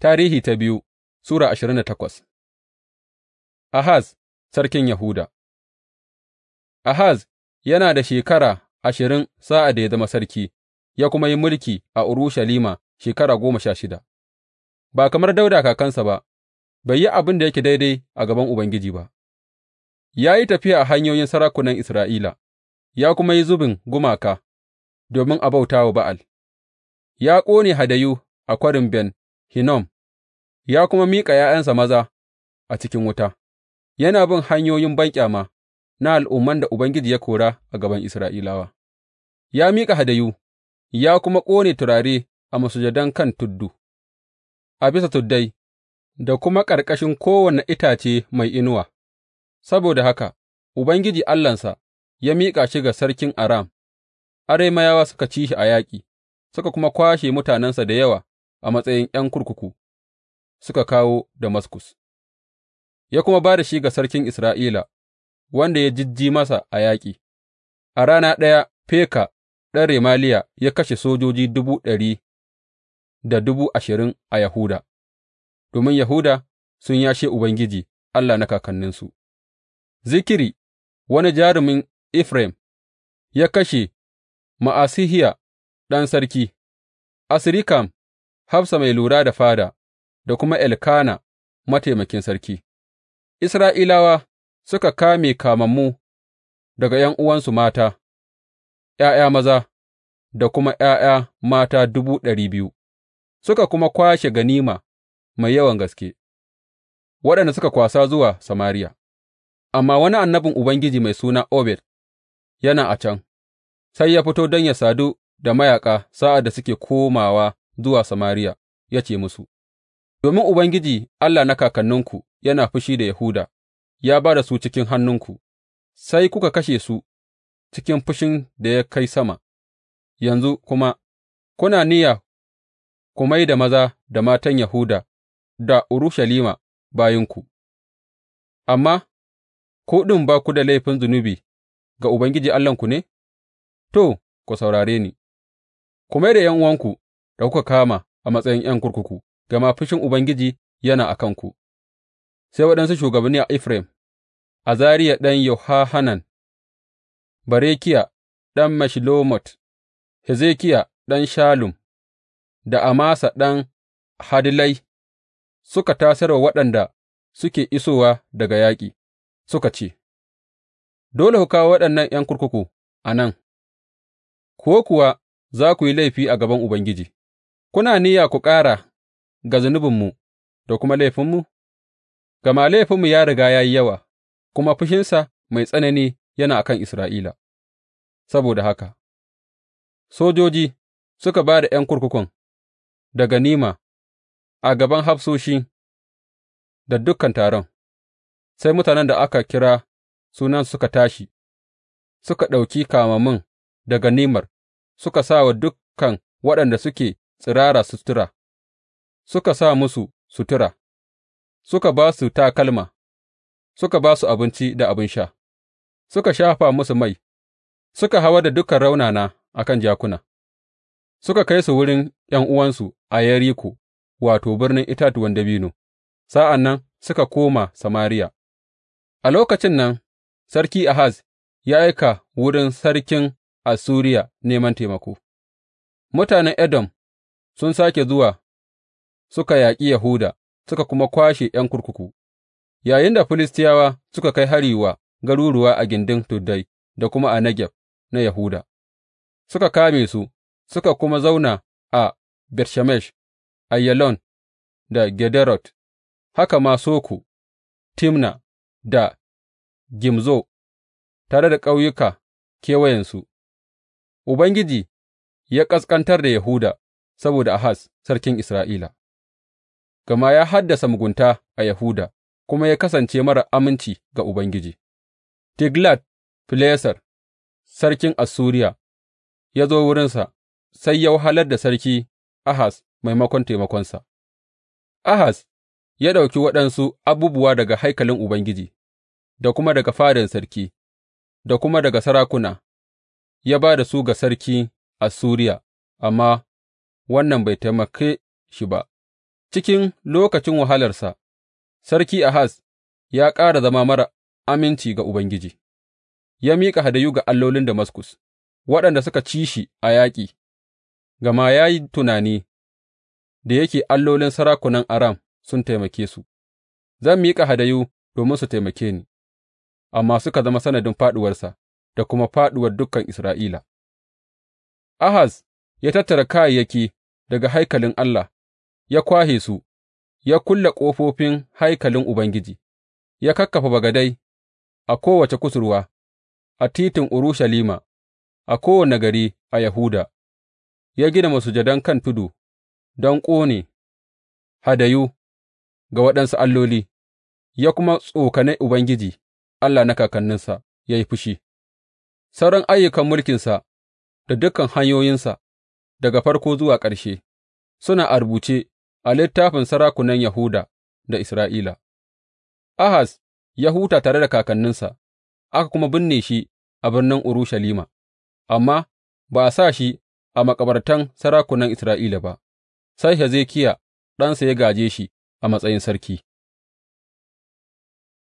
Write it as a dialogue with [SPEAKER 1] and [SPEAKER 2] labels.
[SPEAKER 1] Tarihi ta biyu Sura ashirin da takwas Ahaz sarkin Yahuda Ahaz yana da shekara ashirin sa'ad da ya zama sarki, ya kuma yi mulki a Urushalima shekara goma sha shida, ba kamar Dauda kakansa ba, bai yi abin da yake daidai a gaban Ubangiji ba, ya yi tafiya a hanyoyin sarakunan Isra'ila, ya kuma yi zubin gumaka domin a bauta wa Ba'al, ya ƙone hadayu a kwarin Ben Hinnom ya kuma miƙa ’ya'yansa maza a cikin wuta, yana bin hanyoyin banƙyama na al'umman da Ubangiji ya kora a gaban Isra'ilawa, ya miƙa hadayu ya kuma ƙone turare a masujadan kan tuddu, a bisa tuddai, da kuma ƙarƙashin kowane itace mai inuwa, saboda haka Ubangiji Allahnsa ya miƙa shi ga sarkin Aram, Arameyawa suka ci shi a yaƙi, suka kuma kwashe mutanensa da yawa. a matsayin ’yan kurkuku suka kawo Damaskus, ya kuma ba da shi ga sarkin Isra'ila, wanda ya jijji masa a yaƙi. A rana ɗaya Feka ɗan Remaliya ya kashe sojoji dubu ɗari da dubu ashirin a Yahuda, domin Yahuda sun yashe Ubangiji Allah na kakanninsu. Zikiri wani jarumin Efraim, ya kashe Ma’asihiya ɗan sarki, Asirikam Hafsa mai lura da fada, da kuma Elkana mataimakin sarki, Isra'ilawa suka kame kamammu daga ’yan'uwansu mata, ’ya'ya maza da kuma ’ya'ya mata dubu ɗari biyu, suka kuma kwashe ganima mai yawan gaske, waɗanda suka kwasa zuwa Samariya, amma wani annabin Ubangiji mai suna Obed yana a can, sai ya fito don ya sadu da mayaƙa sa'ad da suke komawa zuwa Samariya ya ce musu, Domin Ubangiji Allah na kakanninku yana fushi da Yahuda, ya ba da su cikin hannunku, sai kuka kashe su cikin fushin da ya kai sama, yanzu kuma kuna niyya ku mai da maza da matan Yahuda da Urushalima bayinku, amma ku ɗin ba ku da laifin zunubi ga Ubangiji Allahnku ne? To, ku saurare ni, ku mai da ’yan'uwanku da kuka kama a matsayin ’yan kurkuku, gama fushin Ubangiji yana a kanku, sai waɗansu shugabanni a Efraim, Azariya ɗan Yohanan, Barekiya ɗan Meshillemot, Hezekiya ɗan Shallum, da Amasa ɗan Hadilai suka tasar wa waɗanda suke isowa daga yaƙi, suka ce, Dole ku kawo waɗannan ’yan kurkuku a nan, ko kuwa za ku yi laifi a gaban Ubangiji. kuna niyya ku ƙara ga zunubinmu da kuma laifinmu? Gama laifinmu ya riga ya yi yawa, kuma fushinsa mai tsanani yana a kan Isra'ila, saboda haka, sojoji suka ba da ’yan kurkukun da ganima a gaban hafsoshi da dukan taron, sai mutanen da aka kira sunansu suka tashi, suka ɗauki kamammun da ganimar, suka sa wa dukan waɗanda suke tsirara sutura, suka sa musu sutura, suka ba su takalma, suka ba su abinci da abin sha, suka shafa musu mai, suka hawa da dukan raunana a kan jakuna, suka kai su wurin ’yan'uwansu a Yeriko, wato, birnin itatuwan dabino, sa'an nan suka koma Samariya. A lokacin nan, Sarki Ahaz ya aika wurin sarkin Assuriya neman taimako. Mutanen Edom Sun sāke zuwa suka yaƙi Yahuda suka kuma kwashe ’yan kurkuku, yayinda Filistiyawa suka kai hari wa garuruwa a gindin tuddai da kuma a Negeb na Yahuda, suka kame su suka kuma zauna a Bet Shemesh, Aiyalon da Gederot, haka ma Soku, Timna da Gimzo, tare da ƙauyuka kewayensu, Ubangiji ya ƙasƙantar da Yahuda saboda Ahaz sarkin Isra'ila, gama ya haddasa mugunta a Yahuda kuma ya kasance marar aminci ga Ubangiji. Tiglat Fileser sarkin Assuriya ya zo wurinsa, sai ya wahalar da sarki Ahaz maimakon taimakonsa. Ahaz ya ɗauki waɗansu abubuwa daga haikalin Ubangiji, da kuma daga fadan sarki, da kuma daga sarakuna, ya ba da su ga sarki Assuriya, amma wannan bai taimake shi ba, cikin lokacin wahalarsa, Sarki Ahaz ya ƙara zama mara aminci ga Ubangiji, ya miƙa hadayu ga allolin Damaskus, waɗanda suka ci shi a yaƙi, gama ya yi tunani da yake allolin sarakunan Aram sun taimake su, zan miƙa hadayu domin su taimake ni, amma suka zama sanadin fāɗuwarsa da kuma fāɗuwar dukan Isra'ila. Ahaz ya tattara kayayyaki daga haikalin Allah, ya kwashe su, ya kulle ƙofofin haikalin Ubangiji, ya kakkafa bagadai a kowace kusurwa, a titin Urushalima, a kowane gari a Yahuda, ya gina masujadan kan tudu don ƙone hadayu ga waɗansu alloli, ya kuma tsokane Ubangiji, Allah na kakanninsa, ya yi fushi. Sauran ayyukan mulkinsa da dukan hanyoyinsa daga farko zuwa ƙarshe, suna a rubuce a littafin sarakunan Yahuda da Isra'ila. Ahaz ya huta tare da kakanninsa, aka kuma binne shi a birnin Urushalima, amma ba a sa shi a makabartan sarakunan Isra'ila ba, sai Hezekiya ɗansa ya gaje shi a matsayin sarki.